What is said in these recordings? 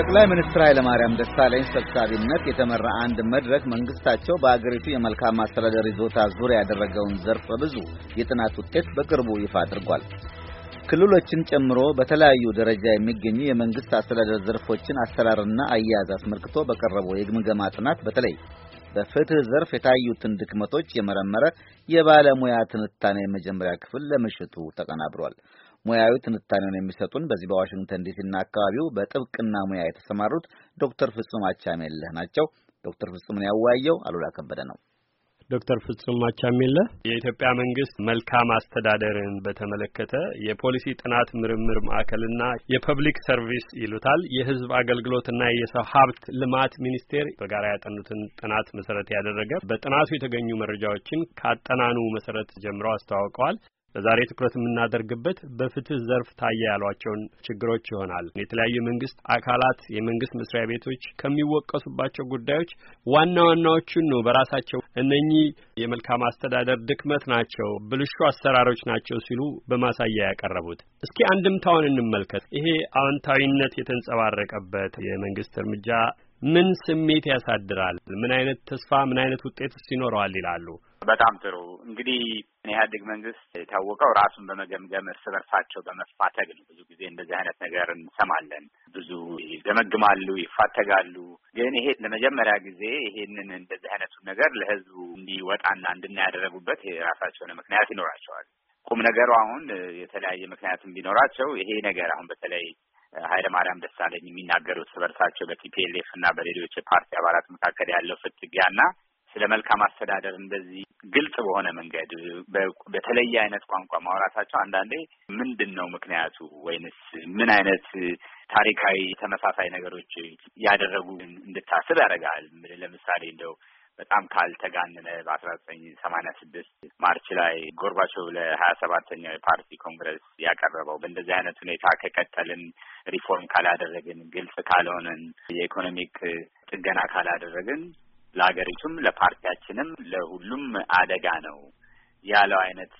በጠቅላይ ሚኒስትር ኃይለማርያም ደሳለኝ ሰብሳቢነት የተመራ አንድ መድረክ መንግስታቸው በአገሪቱ የመልካም አስተዳደር ይዞታ ዙሪያ ያደረገውን ዘርፈ ብዙ የጥናት ውጤት በቅርቡ ይፋ አድርጓል። ክልሎችን ጨምሮ በተለያዩ ደረጃ የሚገኙ የመንግስት አስተዳደር ዘርፎችን አሰራርና አያያዝ አስመልክቶ በቀረበው የግምገማ ጥናት በተለይ በፍትህ ዘርፍ የታዩትን ድክመቶች የመረመረ የባለሙያ ትንታኔ የመጀመሪያ ክፍል ለምሽቱ ተቀናብሯል። ሙያዊ ትንታኔውን የሚሰጡን በዚህ በዋሽንግተን ዲሲና አካባቢው በጥብቅና ሙያ የተሰማሩት ዶክተር ፍጹም አቻሜለህ ናቸው። ዶክተር ፍጹምን ያወያየው አሉላ ከበደ ነው። ዶክተር ፍጹም አቻሜለ የኢትዮጵያ መንግስት መልካም አስተዳደርን በተመለከተ የፖሊሲ ጥናት ምርምር ማዕከልና የፐብሊክ ሰርቪስ ይሉታል የህዝብ አገልግሎትና የሰው ሀብት ልማት ሚኒስቴር በጋራ ያጠኑትን ጥናት መሰረት ያደረገ በጥናቱ የተገኙ መረጃዎችን ከአጠናኑ መሰረት ጀምረው አስተዋውቀዋል። ለዛሬ ትኩረት የምናደርግበት በፍትህ ዘርፍ ታየ ያሏቸውን ችግሮች ይሆናል። የተለያዩ የመንግስት አካላት የመንግስት መስሪያ ቤቶች ከሚወቀሱባቸው ጉዳዮች ዋና ዋናዎቹን ነው በራሳቸው እነኚህ የመልካም አስተዳደር ድክመት ናቸው፣ ብልሹ አሰራሮች ናቸው ሲሉ በማሳያ ያቀረቡት። እስኪ አንድምታውን እንመልከት። ይሄ አዎንታዊነት የተንጸባረቀበት የመንግስት እርምጃ ምን ስሜት ያሳድራል? ምን አይነት ተስፋ፣ ምን አይነት ውጤትስ ይኖረዋል ይላሉ? በጣም ጥሩ እንግዲህ የኢህአዴግ መንግስት የታወቀው ራሱን በመገምገም እርስ በርሳቸው በመፋተግ ነው። ብዙ ጊዜ እንደዚህ አይነት ነገር እንሰማለን። ብዙ ይገመግማሉ፣ ይፋተጋሉ። ግን ይሄ ለመጀመሪያ ጊዜ ይሄንን እንደዚህ አይነቱን ነገር ለህዝቡ እንዲወጣና እንድናያደረጉበት የራሳቸው የሆነ ምክንያት ይኖራቸዋል። ቁም ነገሩ አሁን የተለያየ ምክንያትም ቢኖራቸው ይሄ ነገር አሁን በተለይ ኃይለማርያም ደሳለኝ የሚናገሩት በርሳቸው በቲፒኤልኤፍ እና በሌሎች የፓርቲ አባላት መካከል ያለው ፍትጊያና ስለ መልካም አስተዳደር እንደዚህ ግልጽ በሆነ መንገድ በተለየ አይነት ቋንቋ ማውራታቸው አንዳንዴ ምንድን ነው ምክንያቱ ወይንስ ምን አይነት ታሪካዊ ተመሳሳይ ነገሮች ያደረጉ እንድታስብ ያደርጋል። ለምሳሌ እንደው በጣም ካልተጋነነ በአስራ ዘጠኝ ሰማኒያ ስድስት ማርች ላይ ጎርባቾቭ ለሀያ ሰባተኛው የፓርቲ ኮንግረስ ያቀረበው በእንደዚህ አይነት ሁኔታ ከቀጠልን፣ ሪፎርም ካላደረግን፣ ግልጽ ካልሆነን፣ የኢኮኖሚክ ጥገና ካላደረግን ለሀገሪቱም ለፓርቲያችንም ለሁሉም አደጋ ነው ያለው አይነት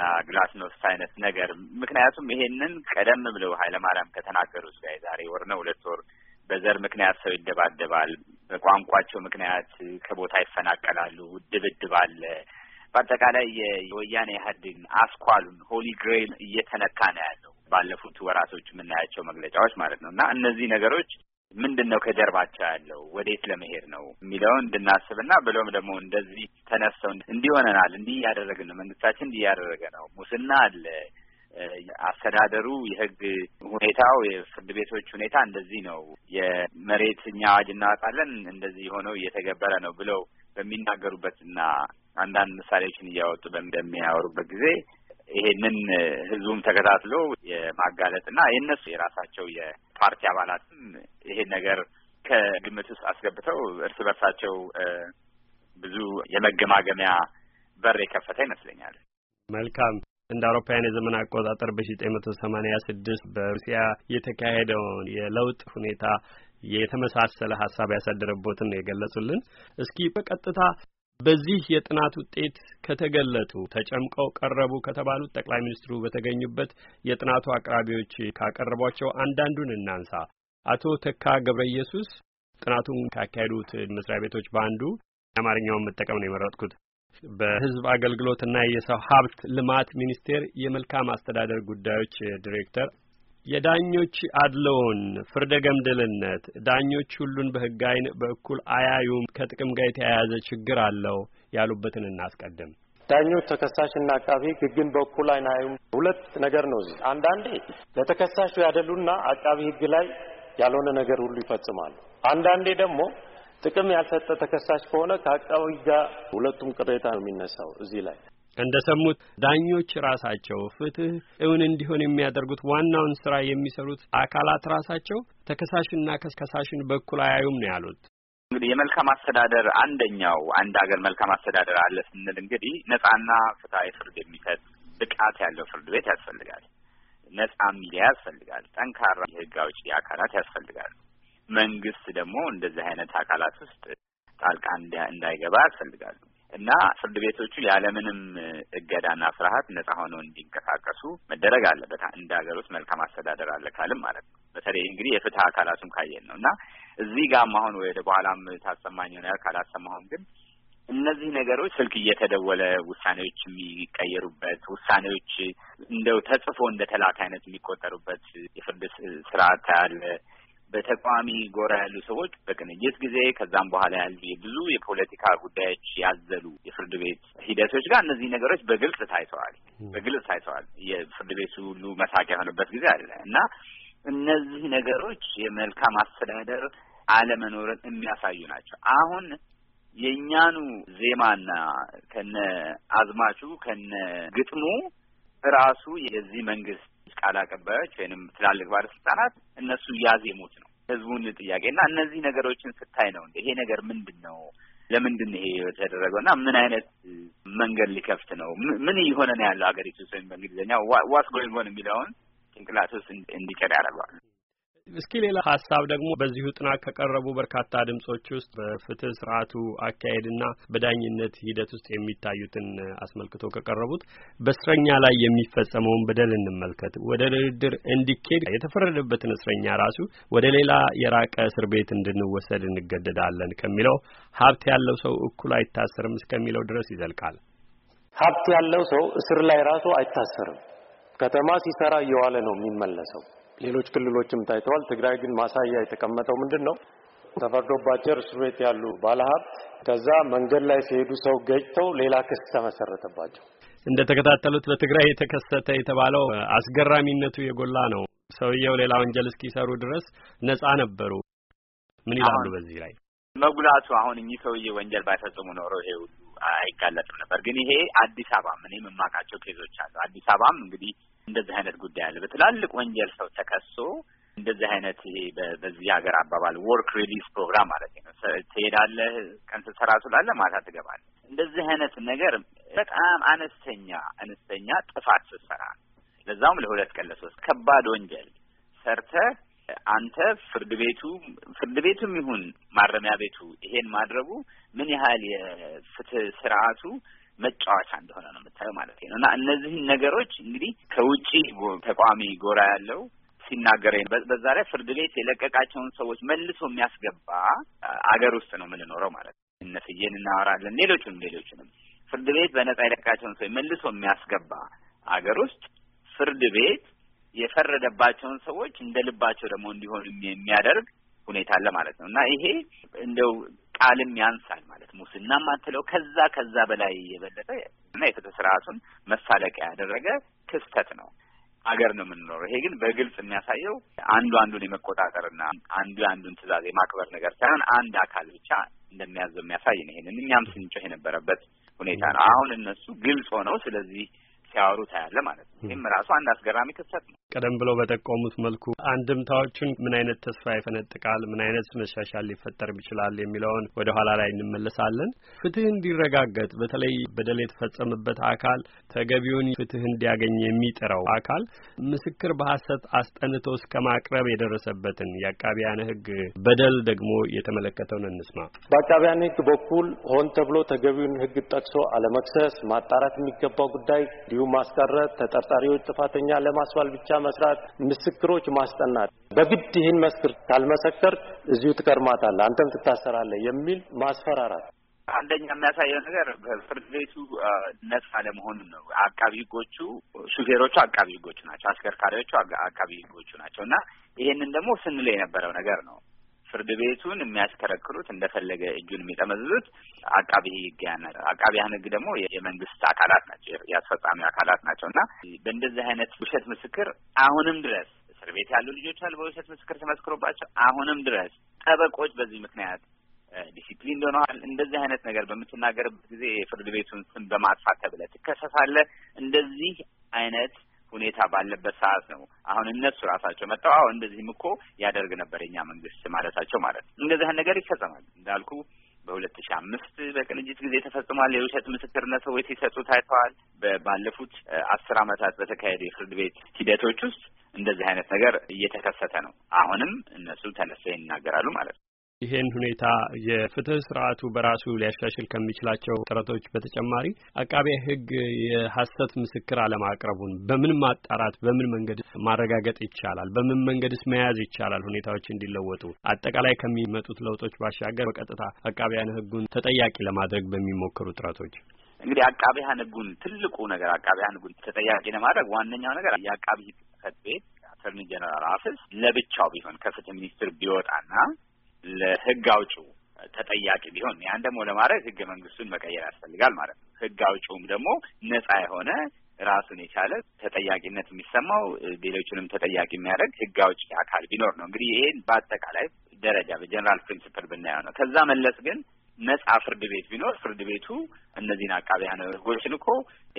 ና ግላስኖስ አይነት ነገር። ምክንያቱም ይሄንን ቀደም ብለው ኃይለማርያም ከተናገሩት ጋር የዛሬ ወር ነው ሁለት ወር በዘር ምክንያት ሰው ይደባደባል፣ በቋንቋቸው ምክንያት ከቦታ ይፈናቀላሉ፣ ድብድብ አለ። በአጠቃላይ የወያኔ ኢህአዴግን አስኳሉን ሆሊ ግሬል እየተነካ ነው ያለው ባለፉት ወራቶች የምናያቸው መግለጫዎች ማለት ነው እና እነዚህ ነገሮች ምንድን ነው ከጀርባቸው ያለው ወዴት ለመሄድ ነው የሚለውን እንድናስብና ብሎም ደግሞ እንደዚህ ተነስተው እንዲሆነናል እንዲህ እያደረግን ነው መንግስታችን እንዲህ እያደረገ ነው ሙስና አለ አስተዳደሩ፣ የህግ ሁኔታው፣ የፍርድ ቤቶች ሁኔታ እንደዚህ ነው፣ የመሬት እኛ አዋጅ እናወጣለን እንደዚህ የሆነው እየተገበረ ነው ብለው በሚናገሩበትና አንዳንድ ምሳሌዎችን እያወጡ በሚያወሩበት ጊዜ ይሄንን ህዝቡም ተከታትሎ የማጋለጥና የእነሱ የራሳቸው የፓርቲ አባላትም ይሄን ነገር ከግምት ውስጥ አስገብተው እርስ በርሳቸው ብዙ የመገማገሚያ በር የከፈተ ይመስለኛል። መልካም እንደ አውሮፓውያን የዘመን አቆጣጠር በ1986 በሩሲያ የተካሄደውን የለውጥ ሁኔታ የተመሳሰለ ሀሳብ ያሳደረቦትን ነው የገለጹልን። እስኪ በቀጥታ በዚህ የጥናት ውጤት ከተገለጡ ተጨምቀው ቀረቡ ከተባሉት ጠቅላይ ሚኒስትሩ በተገኙበት የጥናቱ አቅራቢዎች ካቀረቧቸው አንዳንዱን እናንሳ። አቶ ተካ ገብረ ኢየሱስ ጥናቱን ካካሄዱት መስሪያ ቤቶች በአንዱ የአማርኛውን መጠቀም ነው የመረጥኩት። በህዝብ አገልግሎትና የሰው ሀብት ልማት ሚኒስቴር የመልካም አስተዳደር ጉዳዮች ዲሬክተር የዳኞች አድለውን፣ ፍርደ ገምድልነት፣ ዳኞች ሁሉን በሕግ አይን በእኩል አያዩም፣ ከጥቅም ጋር የተያያዘ ችግር አለው ያሉበትን እናስቀድም። ዳኞች ተከሳሽና አቃቢ ህግን በእኩል አይን አያዩም። ሁለት ነገር ነው እዚህ። አንዳንዴ ለተከሳሹ ያደሉና አቃቢ ህግ ላይ ያልሆነ ነገር ሁሉ ይፈጽማሉ። አንዳንዴ ደግሞ ጥቅም ያልሰጠ ተከሳሽ ከሆነ ከአቃቢ ጋር ሁለቱም ቅሬታ ነው የሚነሳው። እዚህ ላይ እንደሰሙት ዳኞች ራሳቸው ፍትህ እውን እንዲሆን የሚያደርጉት ዋናውን ስራ የሚሰሩት አካላት ራሳቸው ተከሳሽና ከከሳሽን በኩል አያዩም ነው ያሉት። እንግዲህ የመልካም አስተዳደር አንደኛው አንድ ሀገር መልካም አስተዳደር አለ ስንል እንግዲህ ነጻና ፍትሀዊ ፍርድ የሚሰጥ ብቃት ያለው ፍርድ ቤት ያስፈልጋል። ነጻ ሚዲያ ያስፈልጋል። ጠንካራ የህግ አውጪ አካላት ያስፈልጋሉ። መንግስት ደግሞ እንደዚህ አይነት አካላት ውስጥ ጣልቃ እንዳይገባ ያስፈልጋሉ እና ፍርድ ቤቶቹ ያለምንም እገዳና ፍርሀት ነጻ ሆነው እንዲንቀሳቀሱ መደረግ አለበት። እንደ ሀገር ውስጥ መልካም አስተዳደር አለ ካልም ማለት ነው። በተለይ እንግዲህ የፍትህ አካላቱም ካየን ነው እና እዚህ ጋርም አሁን ወደ በኋላም ታሰማኝ ሆነ ይሆናል ካላሰማሁም ግን እነዚህ ነገሮች ስልክ እየተደወለ ውሳኔዎች የሚቀየሩበት ውሳኔዎች እንደው ተጽፎ እንደ ተላክ አይነት የሚቆጠሩበት የፍርድ ስርዓት ያለ በተቃዋሚ ጎራ ያሉ ሰዎች በቅንጅት ጊዜ ከዛም በኋላ ያሉ የብዙ የፖለቲካ ጉዳዮች ያዘሉ የፍርድ ቤት ሂደቶች ጋር እነዚህ ነገሮች በግልጽ ታይተዋል። በግልጽ ታይተዋል። የፍርድ ቤቱ ሁሉ መሳቂያ የሆነበት ጊዜ አለ እና እነዚህ ነገሮች የመልካም አስተዳደር አለመኖርን የሚያሳዩ ናቸው። አሁን የእኛኑ ዜማና ከነ አዝማቹ ከነ ግጥሙ ራሱ የዚህ መንግስት ቃል አቀባዮች ወይንም ትላልቅ ባለስልጣናት እነሱ እያዜሙት ነው ህዝቡን ጥያቄ እና እነዚህ ነገሮችን ስታይ ነው ይሄ ነገር ምንድን ነው ለምንድን ይሄ የተደረገው እና ምን አይነት መንገድ ሊከፍት ነው ምን እየሆነ ነው ያለው ሀገሪቱ ውስጥ ወይም በእንግሊዝኛ ዋስ ጎይንግ የሚለውን ጭንቅላት ውስጥ እንዲቀር ያደርገዋል። እስኪ ሌላ ሀሳብ ደግሞ በዚሁ ጥናት ከቀረቡ በርካታ ድምጾች ውስጥ በፍትህ ስርዓቱ አካሄድና በዳኝነት ሂደት ውስጥ የሚታዩትን አስመልክቶ ከቀረቡት በእስረኛ ላይ የሚፈጸመውን በደል እንመልከት። ወደ ድርድር እንዲኬድ የተፈረደበትን እስረኛ ራሱ ወደ ሌላ የራቀ እስር ቤት እንድንወሰድ እንገደዳለን ከሚለው ሀብት ያለው ሰው እኩል አይታሰርም እስከሚለው ድረስ ይዘልቃል። ሀብት ያለው ሰው እስር ላይ ራሱ አይታሰርም። ከተማ ሲሰራ እየዋለ ነው የሚመለሰው። ሌሎች ክልሎችም ታይተዋል። ትግራይ ግን ማሳያ የተቀመጠው ምንድን ነው? ተፈርዶባቸው እስር ቤት ያሉ ባለሀብት ከዛ መንገድ ላይ ሲሄዱ ሰው ገጭተው ሌላ ክስ ተመሰረተባቸው። እንደ ተከታተሉት በትግራይ የተከሰተ የተባለው አስገራሚነቱ የጎላ ነው። ሰውየው ሌላ ወንጀል እስኪሰሩ ድረስ ነጻ ነበሩ። ምን ይላሉ በዚህ ላይ? መጉላቱ አሁን እኚህ ሰውዬ ወንጀል ባይፈጽሙ ኖሮ ይሄ ሁሉ አይጋለጥም ነበር። ግን ይሄ አዲስ አበባም እኔ የማውቃቸው ኬዞች አሉ። አዲስ አበባም እንግዲህ እንደዚህ አይነት ጉዳይ አለ። በትላልቅ ወንጀል ሰው ተከሶ እንደዚህ አይነት ይሄ በዚህ ሀገር አባባል ወርክ ሪሊስ ፕሮግራም ማለት ነው። ትሄዳለህ፣ ቀን ስትሰራ ትውላለህ፣ ማታ ትገባለህ። እንደዚህ አይነት ነገር በጣም አነስተኛ አነስተኛ ጥፋት ስትሰራ ለዛውም ለሁለት ቀን ለሶስት ከባድ ወንጀል ሰርተህ አንተ ፍርድ ቤቱ ፍርድ ቤቱም ይሁን ማረሚያ ቤቱ ይሄን ማድረጉ ምን ያህል የፍትህ ስርዓቱ መጫወቻ እንደሆነ ነው የምታየው ማለት ነው። እና እነዚህን ነገሮች እንግዲህ ከውጪ ተቋሚ ጎራ ያለው ሲናገር በዛ ላይ ፍርድ ቤት የለቀቃቸውን ሰዎች መልሶ የሚያስገባ አገር ውስጥ ነው የምንኖረው ማለት ነው። እነፍዬን እናወራለን፣ ሌሎቹንም ሌሎቹንም ፍርድ ቤት በነጻ የለቀቃቸውን ሰዎች መልሶ የሚያስገባ አገር ውስጥ ፍርድ ቤት የፈረደባቸውን ሰዎች እንደ ልባቸው ደግሞ እንዲሆን የሚያደርግ ሁኔታ አለ ማለት ነው እና ይሄ እንደው ቃልም ያንሳል ማለት ሙስና አትለው ከዛ ከዛ በላይ የበለጠ እና የፍትህ ስርዓቱን መሳለቂያ ያደረገ ክስተት ነው። ሀገር ነው የምንኖረው። ይሄ ግን በግልጽ የሚያሳየው አንዱ አንዱን የመቆጣጠርና አንዱ የአንዱን ትዕዛዝ የማክበር ነገር ሳይሆን አንድ አካል ብቻ እንደሚያዘው የሚያሳይ ነው። ይሄንን እኛም ስንጮህ የነበረበት ሁኔታ ነው። አሁን እነሱ ግልጽ ሆነው ስለዚህ ሲያወሩ ታያለ ማለት ነው። ይህም ራሱ አንድ አስገራሚ ክስተት ነው። ቀደም ብለው በጠቆሙት መልኩ አንድምታዎቹን ምን አይነት ተስፋ ይፈነጥቃል፣ ምን አይነት መሻሻል ሊፈጠር ይችላል የሚለውን ወደ ኋላ ላይ እንመለሳለን። ፍትህ እንዲረጋገጥ በተለይ በደል የተፈጸመበት አካል ተገቢውን ፍትህ እንዲያገኝ የሚጥረው አካል ምስክር በሐሰት አስጠንቶ እስከ ማቅረብ የደረሰበትን የአቃቢያን ሕግ በደል ደግሞ የተመለከተውን እንስማ። በአቃቢያን ሕግ በኩል ሆን ተብሎ ተገቢውን ሕግ ጠቅሶ አለመክሰስ፣ ማጣራት የሚገባው ጉዳይ እንዲሁም ማስቀረት፣ ተጠርጣሪዎች ጥፋተኛ ለማስባል ብቻ መስራት፣ ምስክሮች ማስጠናት፣ በግድ ይህን መስክር ካልመሰከር እዚሁ ትቀርማታለህ፣ አንተም ትታሰራለህ የሚል ማስፈራራት አንደኛ የሚያሳየው ነገር በፍርድ ቤቱ ነጻ ለመሆኑ ነው። አቃቢ ህጎቹ ሹፌሮቹ አቃቢ ህጎቹ ናቸው፣ አሽከርካሪዎቹ አቃቢ ህጎቹ ናቸው እና ይሄንን ደግሞ ስንል የነበረው ነገር ነው። ፍርድ ቤቱን የሚያስከረክሩት እንደፈለገ እጁን የሚጠመዝዙት አቃቢ ሕግ አቃቢያን ህግ ደግሞ የመንግስት አካላት ናቸው፣ የአስፈጻሚ አካላት ናቸው እና በእንደዚህ አይነት ውሸት ምስክር አሁንም ድረስ እስር ቤት ያሉ ልጆች አሉ፣ በውሸት ምስክር ተመስክሮባቸው አሁንም ድረስ ጠበቆች በዚህ ምክንያት ዲሲፕሊን ሆነዋል። እንደዚህ አይነት ነገር በምትናገርበት ጊዜ የፍርድ ቤቱን ስም በማጥፋት ተብለህ ትከሰሳለህ። እንደዚህ አይነት ሁኔታ ባለበት ሰዓት ነው አሁን እነሱ ራሳቸው መጥተው አሁን እንደዚህም እኮ ያደርግ ነበር የኛ መንግስት ማለታቸው ማለት ነው። እንደዚህ ነገር ይፈጸማል እንዳልኩ በሁለት ሺ አምስት በቅንጅት ጊዜ ተፈጽሟል። የውሸት ምስክርነት ሰዎች ሲሰጡ ታይተዋል። ባለፉት አስር ዓመታት በተካሄዱ የፍርድ ቤት ሂደቶች ውስጥ እንደዚህ አይነት ነገር እየተከሰተ ነው። አሁንም እነሱ ተነሳ ይናገራሉ ማለት ነው። ይሄን ሁኔታ የፍትህ ስርዓቱ በራሱ ሊያሻሽል ከሚችላቸው ጥረቶች በተጨማሪ አቃቤ ሕግ የሐሰት ምስክር አለማቅረቡን በምን ማጣራት በምን መንገድ ማረጋገጥ ይቻላል? በምን መንገድስ መያዝ ይቻላል? ሁኔታዎች እንዲለወጡ አጠቃላይ ከሚመጡት ለውጦች ባሻገር በቀጥታ አቃቢያን ሕጉን ተጠያቂ ለማድረግ በሚሞክሩ ጥረቶች እንግዲህ አቃቢያን ሕጉን ትልቁ ነገር አቃቢያን ሕጉን ተጠያቂ ለማድረግ ዋነኛው ነገር የአቃቢ ሕግ ጽሕፈት ቤት አተርኒ ጀነራል አፍስ ለብቻው ቢሆን ከፍትህ ሚኒስትር ቢወጣና ለህግ አውጪው ተጠያቂ ቢሆን ያን ደግሞ ለማድረግ ህገ መንግስቱን መቀየር ያስፈልጋል ማለት ነው። ህግ አውጪውም ደግሞ ነጻ የሆነ ራሱን የቻለ ተጠያቂነት የሚሰማው ሌሎችንም ተጠያቂ የሚያደርግ ህግ አውጪ አካል ቢኖር ነው። እንግዲህ ይሄን በአጠቃላይ ደረጃ በጀኔራል ፕሪንስፕል ብናየው ነው። ከዛ መለስ ግን ነጻ ፍርድ ቤት ቢኖር ፍርድ ቤቱ እነዚህን አቃቢያን ህጎች ልኮ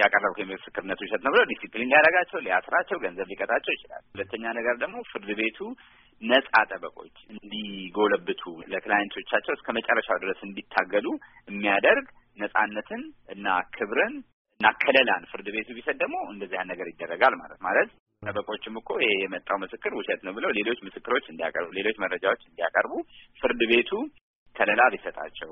ያቀረብከው የምስክርነት ውሸት ነው ብሎ ዲሲፕሊን ሊያደርጋቸው፣ ሊያስራቸው፣ ገንዘብ ሊቀጣቸው ይችላል። ሁለተኛ ነገር ደግሞ ፍርድ ቤቱ ነጻ ጠበቆች እንዲጎለብቱ ለክላይንቶቻቸው እስከ መጨረሻው ድረስ እንዲታገሉ የሚያደርግ ነጻነትን እና ክብርን እና ከለላን ፍርድ ቤቱ ቢሰጥ ደግሞ እንደዚህ ነገር ይደረጋል ማለት ማለት ጠበቆችም እኮ ይሄ የመጣው ምስክር ውሸት ነው ብለው ሌሎች ምስክሮች እንዲያቀርቡ፣ ሌሎች መረጃዎች እንዲያቀርቡ ፍርድ ቤቱ ከለላ ቢሰጣቸው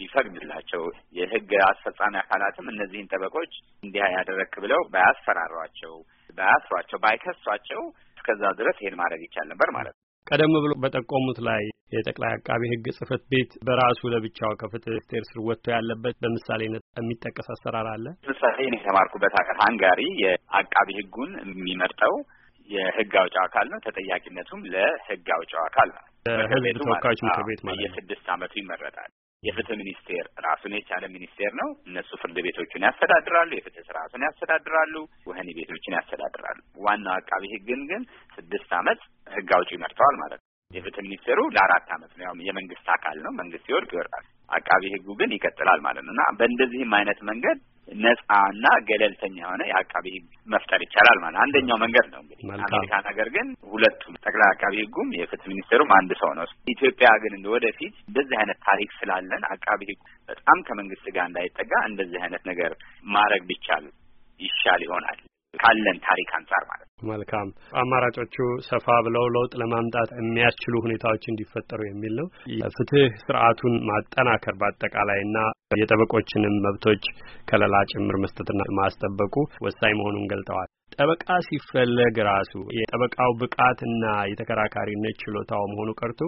ቢፈቅድላቸው የህግ አስፈጻሚ አካላትም እነዚህን ጠበቆች እንዲህ ያደረክ ብለው ባያስፈራሯቸው፣ ባያስሯቸው፣ ባይከሷቸው እስከዛ ድረስ ይሄን ማድረግ ይቻል ነበር ማለት ነው። ቀደም ብሎ በጠቆሙት ላይ የጠቅላይ አቃቢ ህግ ጽህፈት ቤት በራሱ ለብቻው ከፍትህ ሚኒስቴር ስር ወጥቶ ያለበት በምሳሌነት የሚጠቀስ አሰራር አለ። ምሳሌ የተማርኩበት ሀገር ሃንጋሪ ህጉን የሚመርጠው የህግ አውጭ አካል ነው። ተጠያቂነቱም ለህግ አውጭ አካል ነው። ህዝብ ተወካዮች ምክር ቤት ማለት የስድስት አመቱ ይመረጣል። የፍትህ ሚኒስቴር ራሱን የቻለ ሚኒስቴር ነው። እነሱ ፍርድ ቤቶቹን ያስተዳድራሉ፣ የፍትህ ስርዓቱን ያስተዳድራሉ፣ ወህኒ ቤቶችን ያስተዳድራሉ። ዋናው አቃቢ ህግን ግን ስድስት አመት ህግ አውጭ ይመርተዋል ማለት ነው። የፍትህ ሚኒስቴሩ ለአራት አመት ነው። ያው የመንግስት አካል ነው። መንግስት ሲወድቅ ይወርዳል፣ አቃቢ ህጉ ግን ይቀጥላል ማለት ነው እና በእንደዚህም አይነት መንገድ ነጻ እና ገለልተኛ የሆነ የአቃቢ ህግ መፍጠር ይቻላል ማለት አንደኛው መንገድ ነው። እንግዲህ አሜሪካ ነገር ግን ሁለቱም ጠቅላይ አቃቢ ህጉም የፍትህ ሚኒስቴሩም አንድ ሰው ነው። ኢትዮጵያ ግን ወደፊት እንደዚህ አይነት ታሪክ ስላለን አቃቢ ህጉ በጣም ከመንግስት ጋር እንዳይጠጋ እንደዚህ አይነት ነገር ማድረግ ቢቻል ይሻል ይሆናል ካለን ታሪክ አንጻር ማለት ነው። መልካም አማራጮቹ ሰፋ ብለው ለውጥ ለማምጣት የሚያስችሉ ሁኔታዎች እንዲፈጠሩ የሚል ነው። ፍትህ ስርዓቱን ማጠናከር በአጠቃላይና የጠበቆችንም መብቶች ከለላ ጭምር መስጠትና ማስጠበቁ ወሳኝ መሆኑን ገልጠዋል። ጠበቃ ሲፈለግ ራሱ የጠበቃው ብቃትና የተከራካሪነት ችሎታው መሆኑ ቀርቶ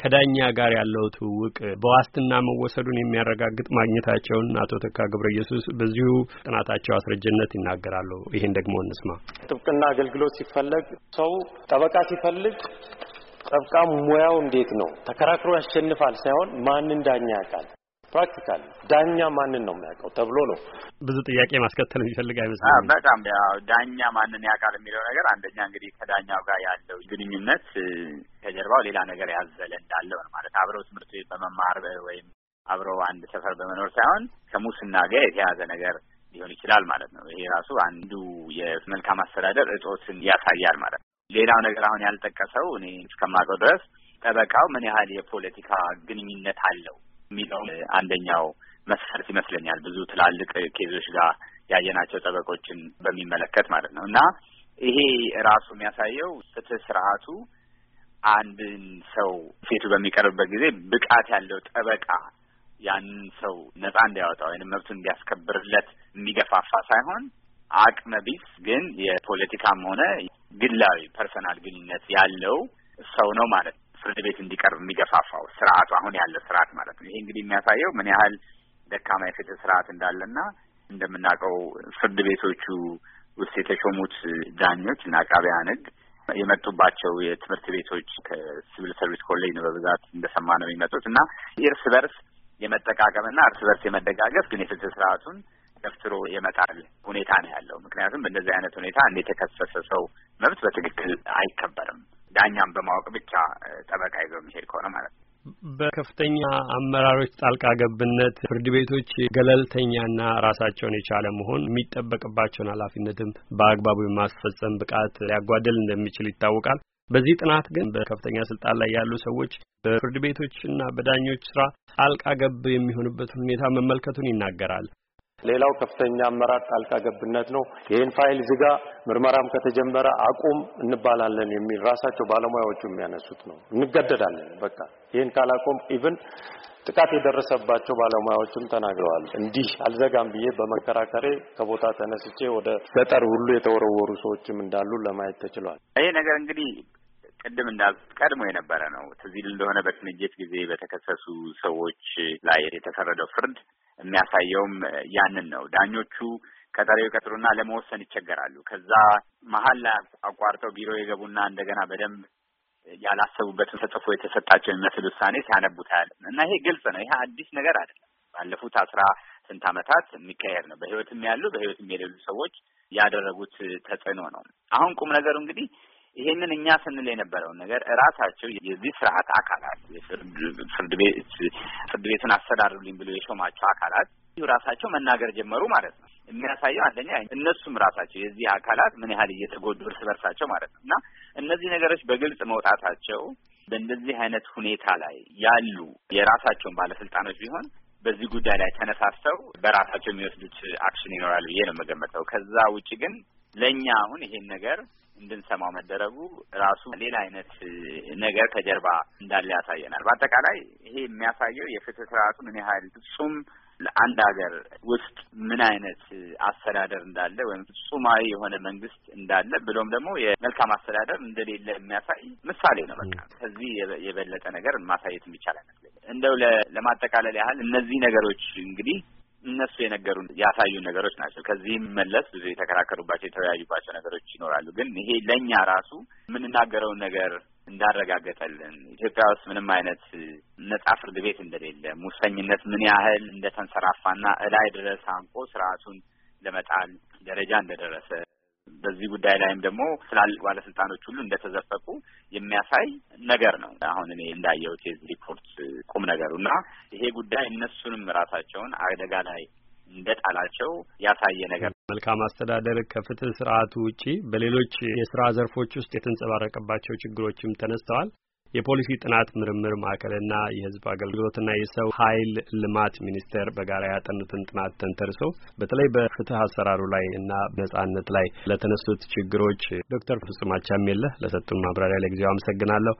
ከዳኛ ጋር ያለው ትውውቅ በዋስትና መወሰዱን የሚያረጋግጥ ማግኘታቸውን አቶ ተካ ገብረ ኢየሱስ በዚሁ ጥናታቸው አስረጅነት ይናገራሉ። ይህን ደግሞ እንስማ። ጥብቅና አገልግሎት ሲፈለግ ሰው ጠበቃ ሲፈልግ ጠብቃ ሙያው እንዴት ነው ተከራክሮ ያሸንፋል ሳይሆን ማንን ዳኛ ያውቃል ፕራክቲካል ዳኛ ማንን ነው የሚያውቀው ተብሎ ነው ብዙ ጥያቄ ማስከተል የሚፈልግ አይመስለኝም። በጣም ያው ዳኛ ማንን ያውቃል የሚለው ነገር አንደኛ እንግዲህ ከዳኛው ጋር ያለው ግንኙነት ከጀርባው ሌላ ነገር ያዘለ እንዳለው ነው ማለት አብረው ትምህርት ቤት በመማር ወይም አብረው አንድ ሰፈር በመኖር ሳይሆን ከሙስና ጋር የተያዘ ነገር ሊሆን ይችላል ማለት ነው። ይሄ ራሱ አንዱ የመልካም አስተዳደር እጦትን ያሳያል ማለት ነው። ሌላው ነገር አሁን ያልጠቀሰው እኔ እስከማውቀው ድረስ ጠበቃው ምን ያህል የፖለቲካ ግንኙነት አለው የሚለው አንደኛው መስፈርት ይመስለኛል። ብዙ ትላልቅ ኬዞች ጋር ያየናቸው ጠበቆችን በሚመለከት ማለት ነው እና ይሄ ራሱ የሚያሳየው ፍትህ ስርዓቱ አንድን ሰው ፊቱ በሚቀርብበት ጊዜ ብቃት ያለው ጠበቃ ያንን ሰው ነጻ እንዲያወጣ ወይም መብቱን እንዲያስከብርለት የሚገፋፋ ሳይሆን አቅመ ቢስ ግን የፖለቲካም ሆነ ግላዊ ፐርሰናል ግንኙነት ያለው ሰው ነው ማለት ነው። ፍርድ ቤት እንዲቀርብ የሚገፋፋው ስርዓቱ አሁን ያለ ስርዓት ማለት ነው። ይሄ እንግዲህ የሚያሳየው ምን ያህል ደካማ የፍትህ ስርዓት እንዳለና እንደምናውቀው ፍርድ ቤቶቹ ውስጥ የተሾሙት ዳኞች እና አቃቢያን ሕግ የመጡባቸው የትምህርት ቤቶች ከሲቪል ሰርቪስ ኮሌጅ ነው በብዛት እንደሰማ ነው የሚመጡት እና እርስ በርስ የመጠቃቀምና እርስ በርስ የመደጋገፍ ግን የፍትህ ስርዓቱን ገፍትሮ የመጣል ሁኔታ ነው ያለው። ምክንያቱም በእንደዚህ አይነት ሁኔታ እንደ የተከሰሰ ሰው መብት በትክክል አይከበርም። ዳኛም በማወቅ ብቻ ጠበቃ ይዞ የሚሄድ ከሆነ ማለት ነው። በከፍተኛ አመራሮች ጣልቃ ገብነት ፍርድ ቤቶች ገለልተኛና ራሳቸውን የቻለ መሆን የሚጠበቅባቸውን ኃላፊነትም በአግባቡ የማስፈጸም ብቃት ሊያጓደል እንደሚችል ይታወቃል። በዚህ ጥናት ግን በከፍተኛ ስልጣን ላይ ያሉ ሰዎች በፍርድ ቤቶችና በዳኞች ስራ ጣልቃ ገብ የሚሆንበት ሁኔታ መመልከቱን ይናገራል። ሌላው ከፍተኛ አመራር ጣልቃ ገብነት ነው። ይህን ፋይል ዝጋ፣ ምርመራም ከተጀመረ አቁም እንባላለን የሚል ራሳቸው ባለሙያዎቹ የሚያነሱት ነው። እንገደዳለን በቃ ይህን ካላቆም ኢቭን ጥቃት የደረሰባቸው ባለሙያዎችም ተናግረዋል። እንዲህ አልዘጋም ብዬ በመከራከሬ ከቦታ ተነስቼ ወደ ገጠር ሁሉ የተወረወሩ ሰዎችም እንዳሉ ለማየት ተችሏል። ይሄ ነገር እንግዲህ ቅድም እንዳልኩት ቀድሞ የነበረ ነው። ትዝ ይል እንደሆነ በትምጀት ጊዜ በተከሰሱ ሰዎች ላይ የተፈረደው ፍርድ የሚያሳየውም ያንን ነው። ዳኞቹ ቀጠሮ ይቀጥሩና ለመወሰን ይቸገራሉ። ከዛ መሀል ላይ አቋርጠው ቢሮ የገቡና እንደገና በደንብ ያላሰቡበትን ተጽፎ የተሰጣቸው የሚመስል ውሳኔ ሲያነቡ ታያለን። እና ይሄ ግልጽ ነው። ይሄ አዲስ ነገር አይደለም። ባለፉት አስራ ስንት ዓመታት የሚካሄድ ነው። በህይወትም ያሉ በህይወትም የሌሉ ሰዎች ያደረጉት ተጽዕኖ ነው። አሁን ቁም ነገሩ እንግዲህ ይሄንን እኛ ስንል የነበረውን ነገር እራሳቸው የዚህ ስርዓት አካላት ፍርድ ቤት ፍርድ ቤትን አስተዳድሩልኝ ብሎ የሾማቸው አካላት ራሳቸው መናገር ጀመሩ ማለት ነው። የሚያሳየው አንደኛ እነሱም ራሳቸው የዚህ አካላት ምን ያህል እየተጎዱ እርስ በርሳቸው ማለት ነው እና እነዚህ ነገሮች በግልጽ መውጣታቸው በእንደዚህ አይነት ሁኔታ ላይ ያሉ የራሳቸውን ባለስልጣኖች ቢሆን በዚህ ጉዳይ ላይ ተነሳስተው በራሳቸው የሚወስዱት አክሽን ይኖራል ብዬ ነው የምገመተው። ከዛ ውጭ ግን ለእኛ አሁን ይሄን ነገር እንድንሰማው መደረጉ ራሱ ሌላ አይነት ነገር ከጀርባ እንዳለ ያሳየናል። በአጠቃላይ ይሄ የሚያሳየው የፍትህ ስርዓቱ ምን ያህል ፍጹም ለአንድ ሀገር ውስጥ ምን አይነት አስተዳደር እንዳለ ወይም ፍጹማዊ የሆነ መንግስት እንዳለ ብሎም ደግሞ የመልካም አስተዳደር እንደሌለ የሚያሳይ ምሳሌ ነው። በቃ ከዚህ የበለጠ ነገር ማሳየት የሚቻል አይመስለኝም። እንደው ለማጠቃለል ያህል እነዚህ ነገሮች እንግዲህ እነሱ የነገሩን ያሳዩን ነገሮች ናቸው። ከዚህም መለስ ብዙ የተከራከሩባቸው የተወያዩባቸው ነገሮች ይኖራሉ። ግን ይሄ ለእኛ ራሱ የምንናገረውን ነገር እንዳረጋገጠልን ኢትዮጵያ ውስጥ ምንም አይነት ነጻ ፍርድ ቤት እንደሌለ፣ ሙሰኝነት ምን ያህል እንደተንሰራፋና እላይ ድረስ አንቆ ስርዓቱን ለመጣል ደረጃ እንደደረሰ በዚህ ጉዳይ ላይም ደግሞ ትላልቅ ባለስልጣኖች ሁሉ እንደተዘፈቁ የሚያሳይ ነገር ነው። አሁን እኔ እንዳየሁት የዚህ ሪፖርት ቁም ነገሩ እና ይሄ ጉዳይ እነሱንም ራሳቸውን አደጋ ላይ እንደጣላቸው ያሳየ ነገር። ነው መልካም አስተዳደር ከፍትህ ስርዓቱ ውጪ በሌሎች የስራ ዘርፎች ውስጥ የተንጸባረቀባቸው ችግሮችም ተነስተዋል። የፖሊሲ ጥናት ምርምር ማዕከልና የህዝብ አገልግሎትና የሰው ኃይል ልማት ሚኒስቴር በጋራ ያጠኑትን ጥናት ተንተርሰው በተለይ በፍትህ አሰራሩ ላይ እና ነጻነት ላይ ለተነሱት ችግሮች ዶክተር ፍጹም አቻሜለህ ለሰጡን ማብራሪያ ለጊዜው አመሰግናለሁ።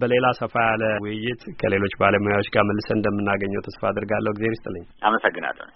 በሌላ ሰፋ ያለ ውይይት ከሌሎች ባለሙያዎች ጋር መልሰን እንደምናገኘው ተስፋ አድርጋለሁ። እግዜር ይስጥልኝ። አመሰግናለሁ።